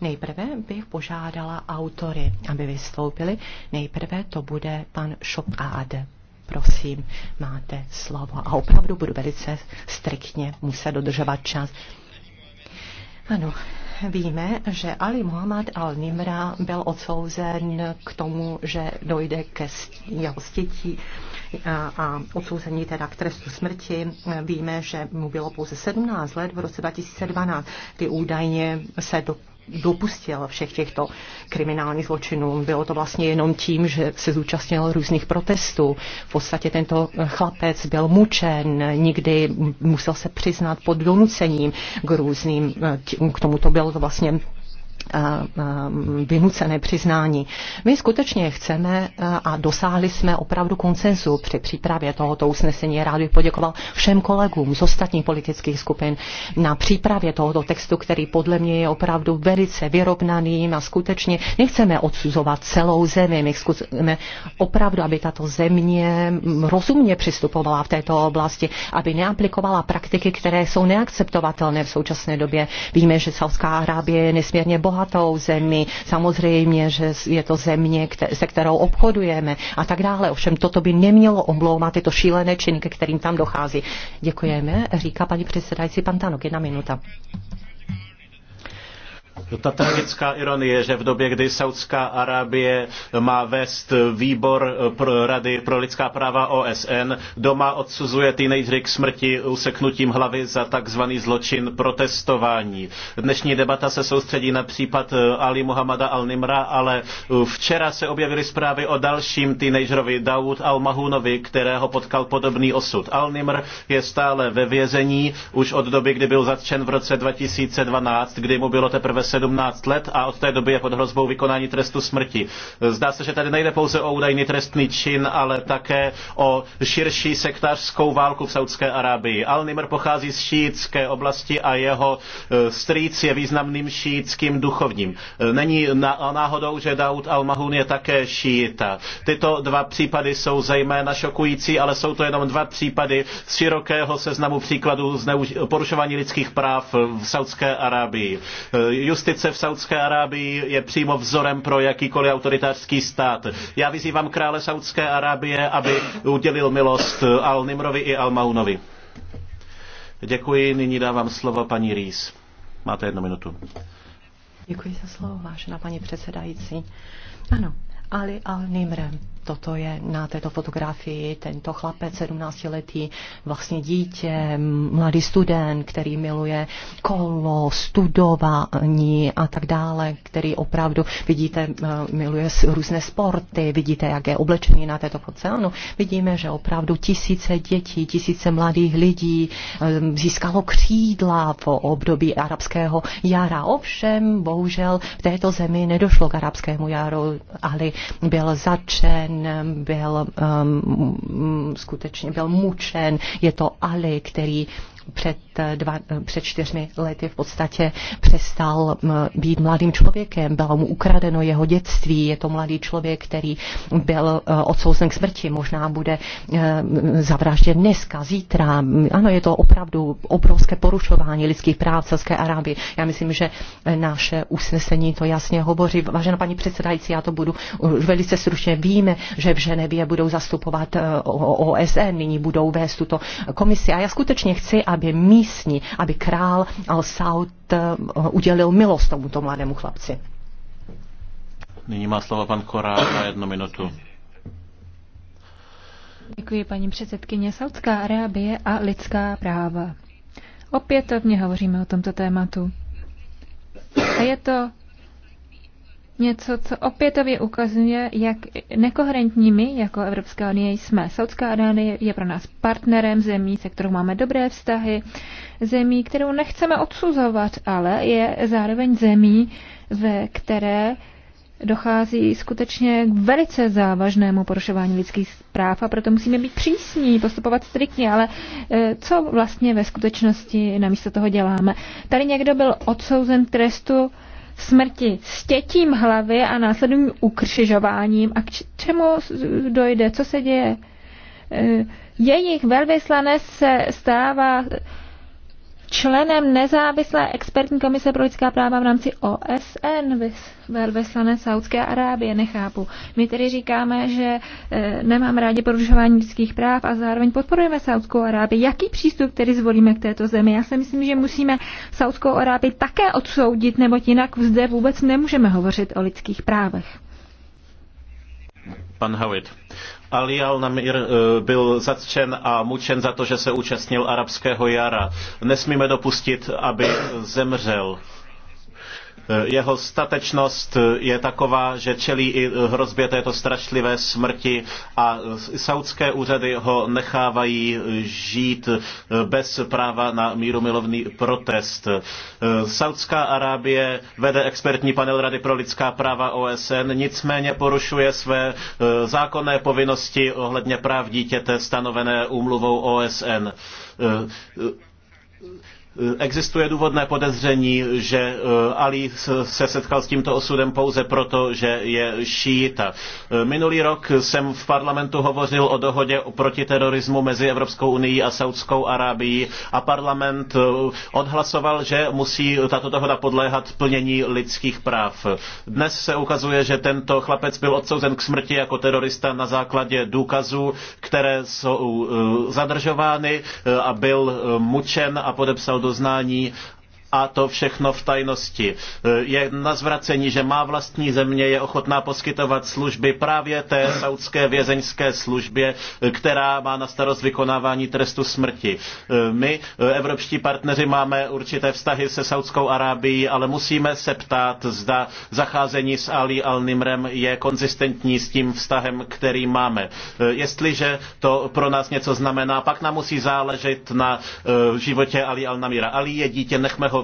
Nejprve bych požádala autory, aby vystoupili. Nejprve to bude pan Šopád. Prosím, máte slovo. A opravdu budu velice striktně muset dodržovat čas. Ano, víme, že Ali Muhammad al-Nimra byl odsouzen k tomu, že dojde ke jeho stětí a, odsouzení teda k trestu smrti. Víme, že mu bylo pouze 17 let v roce 2012, kdy údajně se do dopustil všech těchto kriminálních zločinů. Bylo to vlastně jenom tím, že se zúčastnil různých protestů. V podstatě tento chlapec byl mučen, nikdy musel se přiznat pod donucením k různým, eh, k tomuto byl to vlastně vynucené přiznání. My skutečně chceme a dosáhli jsme opravdu konsenzu při přípravě tohoto usnesení. Rád bych poděkoval všem kolegům z ostatních politických skupin na přípravě tohoto textu, který podle mě je opravdu velice vyrovnaným a skutečně nechceme odsuzovat celou zemi. My chceme opravdu, aby tato země rozumně přistupovala v této oblasti, aby neaplikovala praktiky, které jsou neakceptovatelné v současné době. Víme, že Saudská Arábie je nesmírně bohatá bohatou zemi, samozřejmě, že je to země, se kterou obchodujeme a tak dále. Ovšem toto by nemělo omlouvat tyto šílené činy, ke kterým tam dochází. Děkujeme, říká paní předsedající Pantanok. Jedna minuta. No, ta tragická ironie, že v době, kdy Saudská Arábie má vést výbor pro Rady pro lidská práva OSN, doma odsuzuje teenagery k smrti useknutím hlavy za takzvaný zločin protestování. Dnešní debata se soustředí na případ Ali Muhammada Al-Nimra, ale včera se objevily zprávy o dalším teenagerovi Daud Al-Mahunovi, kterého potkal podobný osud. Al-Nimr je stále ve vězení už od doby, kdy byl zatčen v roce 2012, kdy mu bylo teprve 17 let a od té doby je pod hrozbou vykonání trestu smrti. Zdá se, že tady nejde pouze o údajný trestný čin, ale také o širší sektářskou válku v Saudské Arábii. Al-Nimr pochází z šíitské oblasti a jeho e, strýc je významným šíitským duchovním. E, není náhodou, že Daud al-Mahun je také šíita. Tyto dva případy jsou zejména šokující, ale jsou to jenom dva případy z širokého seznamu příkladů zneuž- porušování lidských práv v Saudské Arábii. E, just justice v Saudské Arábii je přímo vzorem pro jakýkoliv autoritářský stát. Já vyzývám krále Saudské Arábie, aby udělil milost Al-Nimrovi i Al-Maunovi. Děkuji, nyní dávám slovo paní Rýs. Máte jednu minutu. Děkuji za slovo, vážená paní předsedající. Ano, Ali al nimrem Toto je na této fotografii tento chlapec, 17-letý, vlastně dítě, mladý student, který miluje kolo, studování a tak dále, který opravdu, vidíte, eh, miluje různé sporty, vidíte, jak je oblečený na této fotce. Ano, vidíme, že opravdu tisíce dětí, tisíce mladých lidí eh, získalo křídla v období arabského jara. Ovšem, bohužel, v této zemi nedošlo k arabskému jaru, ale byl začen byl um, skutečně byl mučen. Je to Ali, který před, dva, před čtyřmi lety v podstatě přestal být mladým člověkem, bylo mu ukradeno jeho dětství, je to mladý člověk, který byl e, odsouzen k smrti, možná bude e, zavražděn dneska, zítra. Ano, je to opravdu obrovské porušování lidských práv Celské Arábie. Já myslím, že naše usnesení to jasně hovoří. Vážená paní předsedající, já to budu velice stručně. Víme, že v Ženevě budou zastupovat e, OSN, nyní budou vést tuto komisi. A já skutečně chci, aby aby místní, aby král Al-Saud eh, udělil milost tomuto mladému chlapci. Nyní má slovo pan Korál na jednu minutu. Děkuji, paní předsedkyně. Saudská Arábie a lidská práva. Opětovně hovoříme o tomto tématu. A je to něco, co opětově ukazuje, jak nekoherentní my jako Evropská unie jsme. Saudská Arábie je pro nás partnerem zemí, se kterou máme dobré vztahy, zemí, kterou nechceme odsuzovat, ale je zároveň zemí, ve které dochází skutečně k velice závažnému porušování lidských práv a proto musíme být přísní, postupovat striktně, ale eh, co vlastně ve skutečnosti namísto toho děláme? Tady někdo byl odsouzen k trestu smrti stětím hlavy a následným ukřižováním. A k čemu dojde? Co se děje? E, jejich velvyslanec se stává členem nezávislé expertní komise pro lidská práva v rámci OSN, velvyslanec Saudské Arábie, nechápu. My tedy říkáme, že e, nemám rádi porušování lidských práv a zároveň podporujeme Saudskou Arábii. Jaký přístup tedy zvolíme k této zemi? Já si myslím, že musíme Saudskou Arábii také odsoudit, neboť jinak zde vůbec nemůžeme hovořit o lidských právech. Pan Howitt. Alial Namir eh, byl zatčen a mučen za to, že se účastnil arabského jara. Nesmíme dopustit, aby zemřel. Eh, jeho statečnost eh, je taková, že čelí i eh, hrozbě této strašlivé smrti a saudské úřady ho nechávají žít bez práva na mírumilovný protest. Saudská Arábie vede expertní panel Rady pro lidská práva OSN, nicméně porušuje své zákonné povinnosti ohledně práv dítěte stanovené úmluvou OSN Eh, existuje důvodné podezření, že eh, Ali se setkal s tímto osudem pouze proto, že je šíta. Eh, minulý rok jsem v parlamentu hovořil o dohodě o protiterorismu mezi Evropskou unii a Saudskou Arábií a parlament odhlasoval, že musí tato dohoda podléhat plnění lidských práv. Dnes se ukazuje, že tento chlapec byl odsouzen k smrti jako terorista na základě důkazů, které jsou zadržovány a byl mučen a podepsal doznání a to všechno v tajnosti. Eh, je na zvracení, že má vlastní země, je ochotná poskytovat služby právě té saudské vězeňské službě, eh, která má na starost vykonávání trestu smrti. Eh, my, evropští partneři, máme určité vztahy se Saudskou Arábií, ale musíme se ptát, zda zacházení s Ali al-Nimrem je konzistentní s tím vztahem, který máme. Jestliže to pro nás něco znamená, pak nám musí záležet na životě Ali al-Namira. Ali je dítě, nechme ho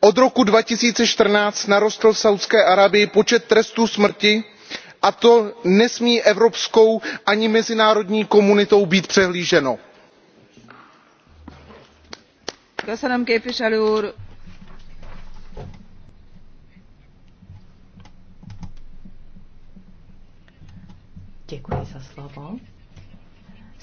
od roku two thousand and fourteen narostl v saúdské arábii počet trestů smrti a to nesmí evropskou ani mezinárodní komunitou být přehlíženo.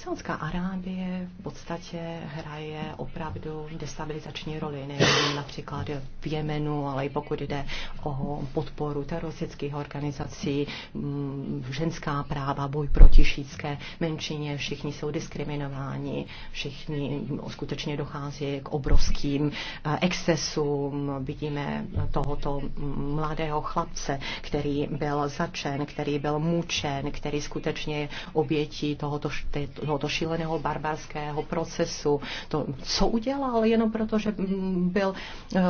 Saudská Arábie v podstatě hraje opravdu destabilizační roli, nejen například v Jemenu, ale i pokud jde o podporu teroristických organizací, mm, ženská práva, boj proti šítské menšině, všichni jsou diskriminováni, všichni mm, skutečně dochází k obrovským eh, excesům. Vidíme tohoto mm, mladého chlapce, který byl začen, který byl mučen, který skutečně je obětí tohoto, to šíleného barbarského procesu. To, co udělal jenom proto, že mm, byl,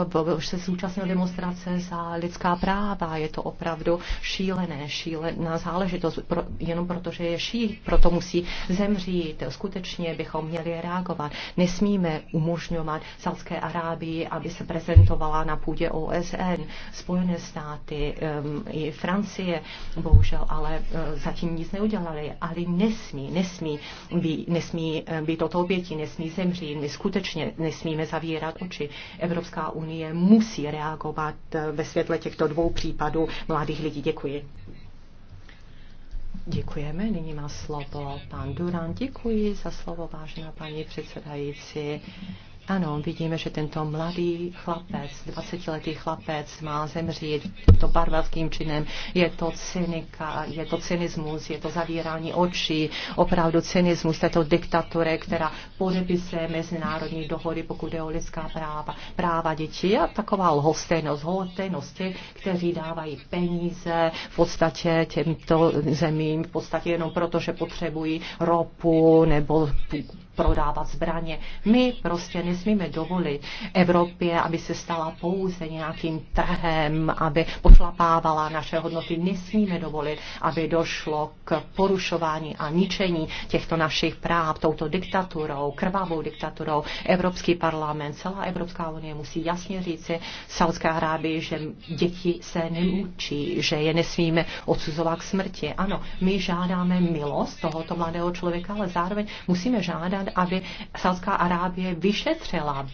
byl eh, se zúčastnil demonstrace za lidská práva. Je to opravdu šílené, šílená záležitost, pro, jenom proto, že je ší, proto musí zemřít. Skutečně bychom měli reagovat. Nesmíme umožňovat Saudské Arábii, aby se prezentovala na půdě OSN, Spojené státy, eh, i Francie, bohužel, ale eh, zatím nic neudělali. Ale nesmí, nesmí být, nesmí eh, být toto oběti, nesmí zemřít. My skutečně nesmíme zavírat oči. Evropská unie musí reagovat eh, ve světle těchto dvou případů mladých lidí. Děkuji. Děkujeme. Nyní má slovo pan Durán. Děkuji za slovo, vážená paní předsedající. Ano, vidíme, že tento mladý chlapec, 20-letý chlapec má zemřít to barbarským činem. Je to cynika, je to cynismus, je to zavírání očí, opravdu cynismus této diktatury, která podepisuje mezinárodní dohody, pokud je o lidská práva, práva dětí a taková lhostejnost, lhostejnost těch, kteří dávají peníze v podstatě těmto zemím, v podstatě jenom proto, že potřebují ropu nebo prodávat zbraně. My prostě nesmíme dovolit Evropě, aby se stala pouze nějakým trhem, aby pošlapávala naše hodnoty. Nesmíme dovolit, aby došlo k porušování a ničení těchto našich práv touto diktaturou, krvavou diktaturou. Evropský parlament, celá Evropská unie musí jasně říci Saudské Arábii, že děti se neučí, že je nesmíme odsuzovat k smrti. Ano, my žádáme milost tohoto mladého člověka, ale zároveň musíme žádat žádat, aby Saudská Arábie vyšetřila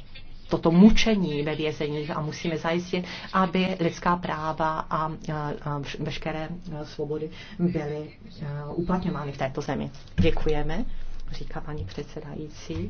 toto mučení ve vězeních a musíme zajistit, aby lidská práva a veškeré svobody byly uplatňovány v této zemi. Děkujeme, říká paní předsedající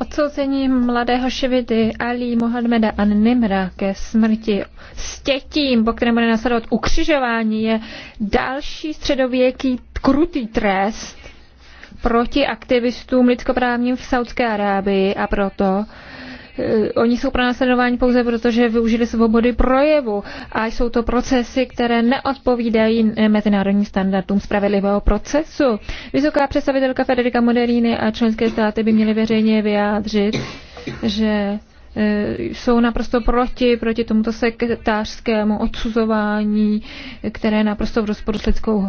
Odsouzení mladého ševidy Ali Mohameda an Nimra ke smrti s tětím, po kterém bude následovat ukřižování, je další středověký krutý trest proti aktivistům lidskoprávním v Saudské Arábii a proto Eh, oni jsou pronásledováni pouze proto, že využili svobody projevu a jsou to procesy, které neodpovídají mezinárodním standardům spravedlivého procesu. Vysoká představitelka Federica Moderíny a členské státy by měly veřejně vyjádřit, že eh, jsou naprosto proti, proti tomuto sektářskému odsuzování, které je naprosto v rozporu s lidskou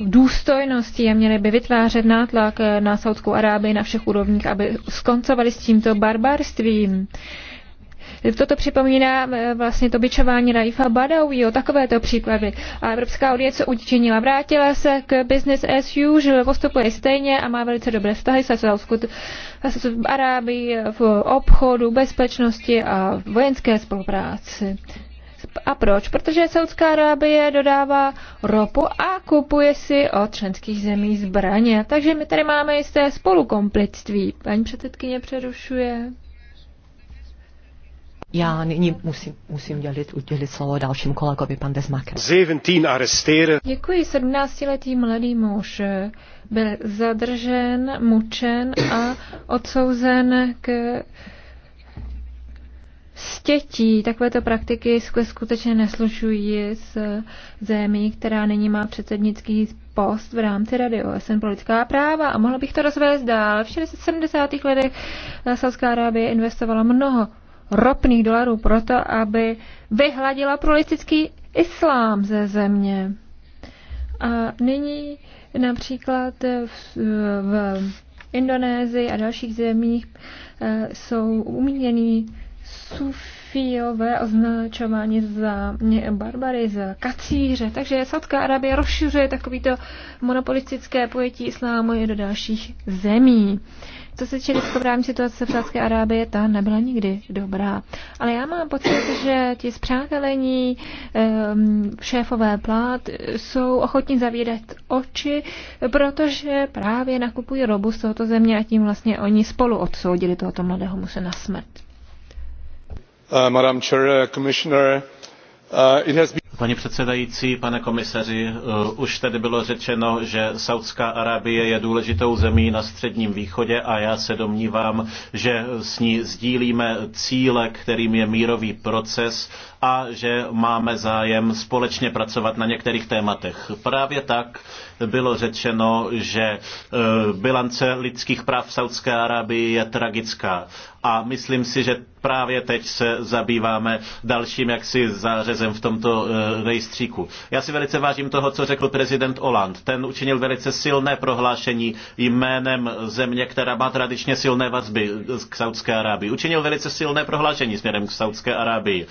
důstojnosti a měli by vytvářet nátlak eh, na Saudskou Arábii na všech úrovních, aby skoncovali s tímto barbarstvím. Toto připomíná eh, vlastně to byčování Raifa Badawiho, takovéto příklady. A Evropská unie co učinila? Vrátila se k business as usual, postupuje stejně a má velice dobré vztahy se Saudskou Arábii v obchodu, bezpečnosti a vojenské spolupráci. A proč? Protože Saudská Arábie dodává ropu a kupuje si od členských zemí zbraně. Takže my tady máme jisté spolukomplictví. Paní předsedkyně přerušuje. Já nyní musím, musím dělit, udělit slovo dalším kolegovi, pan Desmaker. 17 Děkuji, 17-letý mladý muž byl zadržen, mučen a odsouzen k stětí. Takovéto praktiky skutečně neslušují s zemí, která nyní má předsednický post v rámci Rady OSN pro lidská práva a mohla bych to rozvést dál. V 60. 70. letech eh, Saudská Arábie investovala mnoho ropných dolarů proto, aby vyhladila prolistický islám ze země. A nyní například v, v Indonésii a dalších zemích eh, jsou umíněný sufiové označování za barbary, za kacíře. Takže Saudská Arabie rozšiřuje takovýto monopolistické pojetí islámu i do dalších zemí. Co se lidskoprávní situace v Saudské Arábie, ta nebyla nikdy dobrá. Ale já mám pocit, že ti zpřátelení ehm, šéfové plát jsou ochotní zavírat oči, protože právě nakupují robu z tohoto země a tím vlastně oni spolu odsoudili tohoto mladého muse na smrt. Uh, madam president uh, commissioner uh, it has been a long Paní předsedající, pane komisaři, eh, už tady bylo řečeno, že Saudská Arábie je důležitou zemí na Středním východě a já se domnívám, že s ní sdílíme cíle, kterým je mírový proces a že máme zájem společně pracovat na některých tématech. Právě tak bylo řečeno, že eh, bilance lidských práv v Saudské Arábii je tragická. A myslím si, že právě teď se zabýváme dalším jaksi zářezem v tomto eh, rejstříku. Já si velice vážím toho, co řekl prezident Oland. Ten učinil velice silné prohlášení jménem země, která má tradičně silné vazby k Saudské Arábii. Učinil velice silné prohlášení směrem k Saudské Arábii.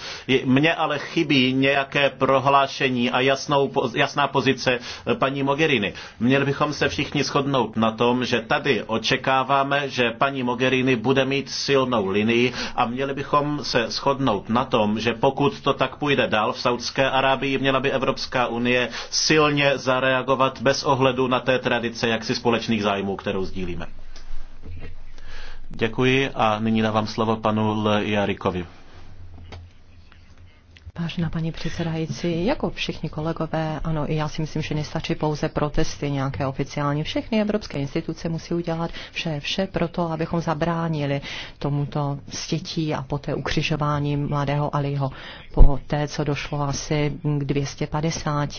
Mně ale chybí nějaké prohlášení a jasnou, jasná pozice paní Mogherini. Měli bychom se všichni shodnout na tom, že tady očekáváme, že paní Mogherini bude mít silnou linii a měli bychom se shodnout na tom, že pokud to tak půjde dál v Saudské Arábii, Arábii, měla by Evropská unie silně zareagovat bez ohledu na té tradice jaksi společných zájmů, kterou sdílíme. Děkuji a nyní dávám slovo panu L. Jarikovi. Vážená paní předsedající, jako všichni kolegové, ano, i já si myslím, že nestačí pouze protesty nějaké oficiální. Všechny evropské instituce musí udělat vše, vše pro to, abychom zabránili tomuto stětí a poté ukřižování mladého Aliho po té, co došlo asi k 250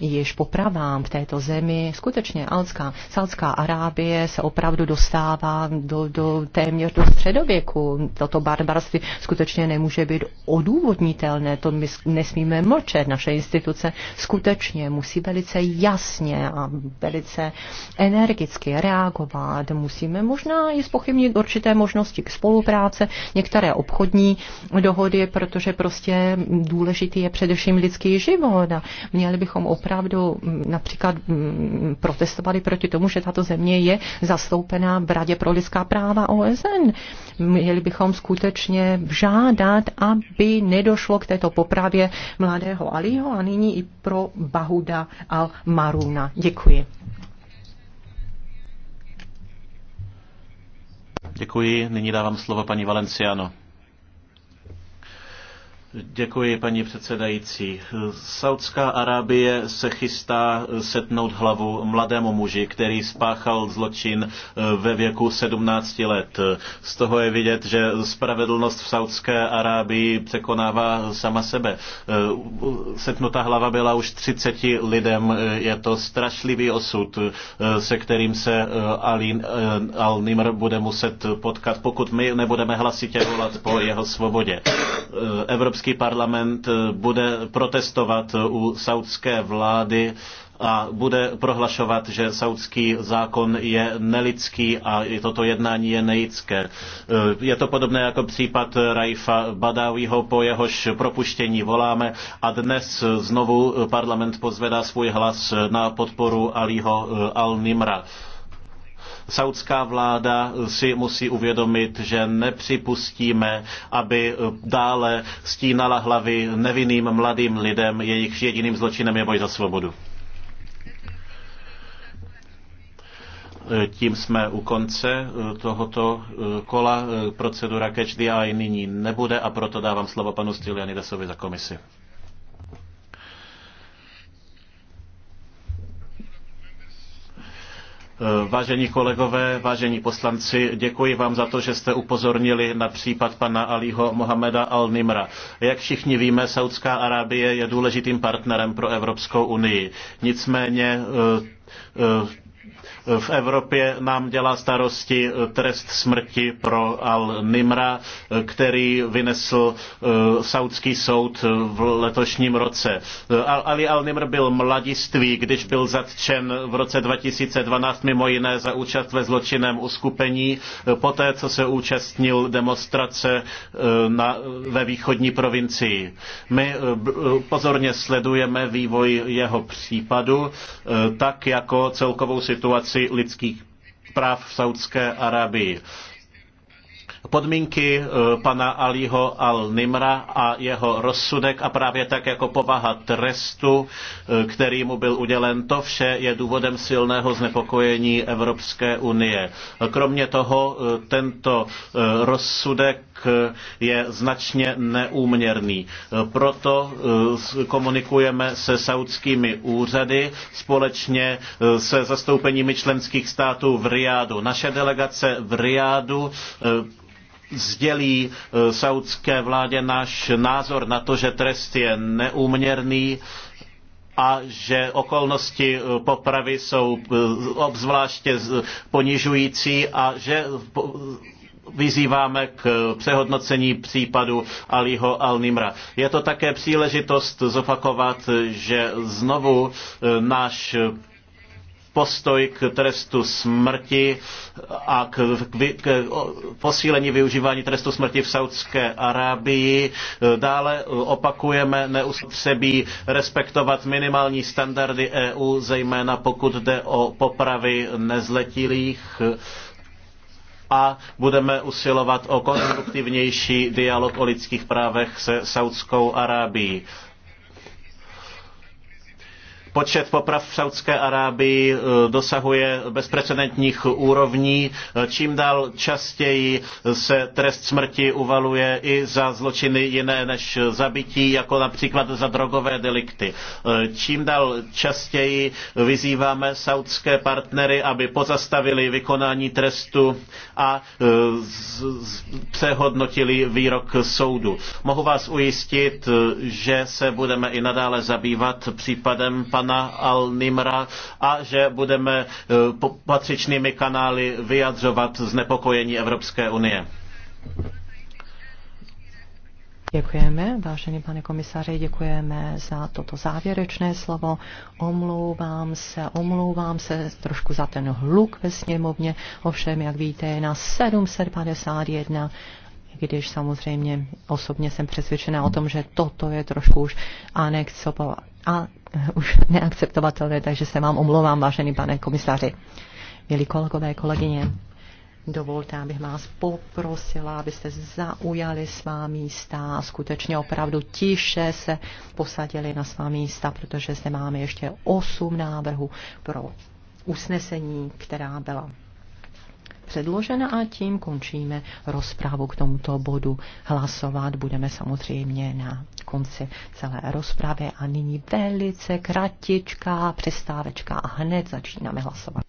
již popravám v této zemi. Skutečně Alcká, Saudská Arábie se opravdu dostává do, do téměř do středověku. Toto barbarství skutečně nemůže být odůvodnitelné, to my nesmíme mlčet. Naše instituce skutečně musí velice jasně a velice energicky reagovat. Musíme možná i zpochybnit určité možnosti k spolupráce, některé obchodní dohody, protože prostě důležitý je především lidský život a měli bychom opravdu mm, například mm, protestovali proti tomu, že tato země je zastoupená v Radě pro lidská práva OSN. Měli bychom skutečně žádat, aby nedošlo k této popravě mladého Aliho a nyní i pro Bahuda al-Maruna. Děkuji. Děkuji. Nyní dávám slovo paní Valenciano. Děkuji, paní předsedající. Saudská Arábie se chystá setnout hlavu mladému muži, který spáchal zločin ve věku 17 let. Z toho je vidět, že spravedlnost v Saudské Arábii překonává sama sebe. Setnutá hlava byla už 30 lidem. Je to strašlivý osud, se kterým se Al-Nimr bude muset potkat, pokud my nebudeme hlasitě volat po jeho svobodě. Evropský Evropský parlament eh, bude protestovat eh, u saudské vlády a bude prohlašovat, že saudský zákon je nelidský a i toto jednání je nelidské. Eh, je to podobné jako případ Raifa Badawiho, po jehož propuštění voláme a dnes znovu parlament pozvedá svůj hlas na podporu Aliho Al-Nimra. Saudská vláda si musí uvědomit, že nepřipustíme, aby dále stínala hlavy nevinným mladým lidem, jejichž jediným zločinem je boj za svobodu. Tím jsme u konce eh, tohoto eh, kola. Eh, procedura Catch the Eye nyní nebude a proto dávám slovo panu Stylianidesovi za komisi. Vážení kolegové, vážení poslanci, děkuji vám za to, že jste upozornili na případ pana Alího Mohameda Al-Nimra. Jak všichni víme, Saudská Arábie je důležitým partnerem pro Evropskou unii. Nicméně eh, eh, v Evropě nám dělá starosti trest smrti pro Al-Nimra, který vynesl eh, saudský soud v letošním roce. Ali Al-Nimr byl mladiství, když byl zatčen v roce 2012 mimo jiné za účast ve zločinném uskupení, eh, poté co se účastnil demonstrace eh, na, ve východní provincii. My pozorně sledujeme vývoj jeho případu, tak jako celkovou situaci situaci lidských práv v Saudské Arábii podmínky eh, pana Aliho al-Nimra a jeho rozsudek a právě tak jako povaha trestu, eh, který mu byl udělen, to vše je důvodem silného znepokojení Evropské unie. Kromě toho eh, tento rozsudek je značně neúměrný. Proto komunikujeme se saudskými úřady společně se zastoupeními členských států v Riádu. Naše delegace v Riádu sdělí eh, saudské vládě náš názor na to, že trest je neúměrný a že okolnosti eh, popravy jsou eh, obzvláště ponižující a že vyzýváme k přehodnocení případu Aliho Al-Nimra. Je to také příležitost zopakovat, že znovu náš postoj k trestu smrti a k, k, k posílení využívání trestu smrti v Saudské Arábii. Dále opakujeme neustřebí respektovat minimální standardy EU, zejména pokud jde o popravy nezletilých a budeme usilovat o konstruktivnější dialog o lidských právech se Saudskou Arábií. Počet poprav v Saudské Arábii e, dosahuje bezprecedentních úrovní. E, čím dál častěji se trest smrti uvaluje i za zločiny jiné než zabití, jako například za drogové delikty. E, čím dál častěji vyzýváme saudské partnery, aby pozastavili vykonání trestu a přehodnotili výrok soudu. Mohu vás ujistit, že se budeme i nadále zabývat případem pana pana Al-Nimra a že budeme eh, patřičnými kanály vyjadřovat znepokojení Evropské unie. Děkujeme, vážený pane komisaři, děkujeme za toto závěrečné slovo. Omlouvám se, omlouvám se trošku za ten hluk ve sněmovně, ovšem, jak víte, je na 751 když samozřejmě osobně jsem přesvědčena o tom, že toto je trošku už anexovo. A Eh, už neakceptovatelné, takže se vám omlouvám, vážený pane komisaři. Milí kolegové, kolegyně, Dovolte, abych vás poprosila, abyste zaujali svá místa a skutečně opravdu tiše se posadili na svá místa, protože zde máme ještě osm návrhů pro usnesení, která byla předložena a tím končíme rozprávu k tomuto bodu. Hlasovat budeme samozřejmě na konci celé rozpravy a nyní velice kratičká přestávečka a hned začínáme hlasovat.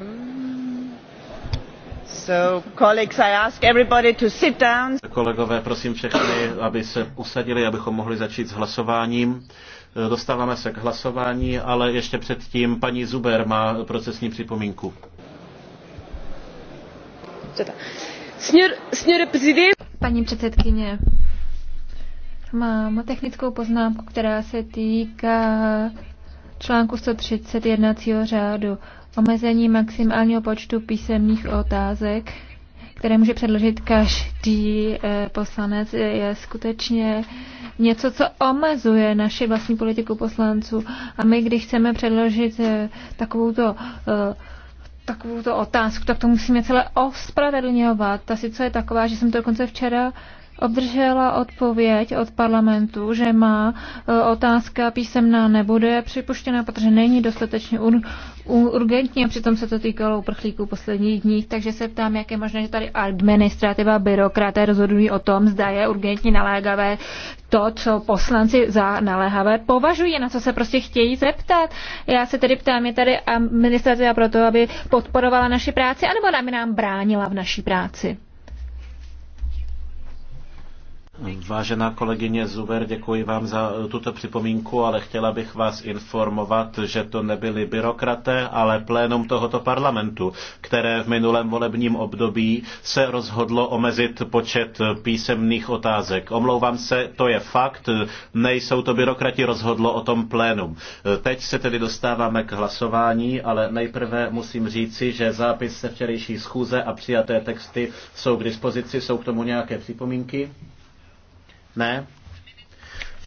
Mhm. Kolegové, prosím všechny, aby se usadili, abychom mohli začít s hlasováním. Dostáváme se k hlasování, ale ještě předtím paní Zuber má procesní připomínku. Paní předsedkyně, mám technickou poznámku, která se týká článku 130 jednacího řádu omezení maximálního počtu písemných otázek, které může předložit každý eh, poslanec, je skutečně něco, co omezuje naši vlastní politiku poslanců. A my, když chceme předložit eh, takovouto eh, takovouto otázku, tak to musíme celé ospravedlňovat. Ta sice je taková, že jsem to dokonce včera obdržela odpověď od parlamentu, že má e, otázka písemná nebude připuštěna, protože není dostatečně ur, urgentní a přitom se to týkalo uprchlíků posledních dní, takže se ptám, jak je možné, že tady administrativa, byrokraté rozhodují o tom, zda je urgentně naléhavé, to, co poslanci za naléhavé považují, na co se prostě chtějí zeptat. Já se tedy ptám, je tady administrativa proto, aby podporovala naši práci, anebo nám bránila v naší práci? Vážená kolegyně Zuber, děkuji vám za eh, tuto připomínku, ale chtěla bych vás informovat, že to nebyli byrokraté, ale plénum tohoto parlamentu, které v minulém volebním období se rozhodlo omezit počet písemných otázek. Omlouvám se, to je fakt, nejsou to byrokrati, rozhodlo o tom plénum. Eh, teď se tedy dostáváme k hlasování, ale nejprve musím říci, že zápis se včerejší schůze a přijaté texty jsou k dispozici, jsou k tomu nějaké připomínky? Ne?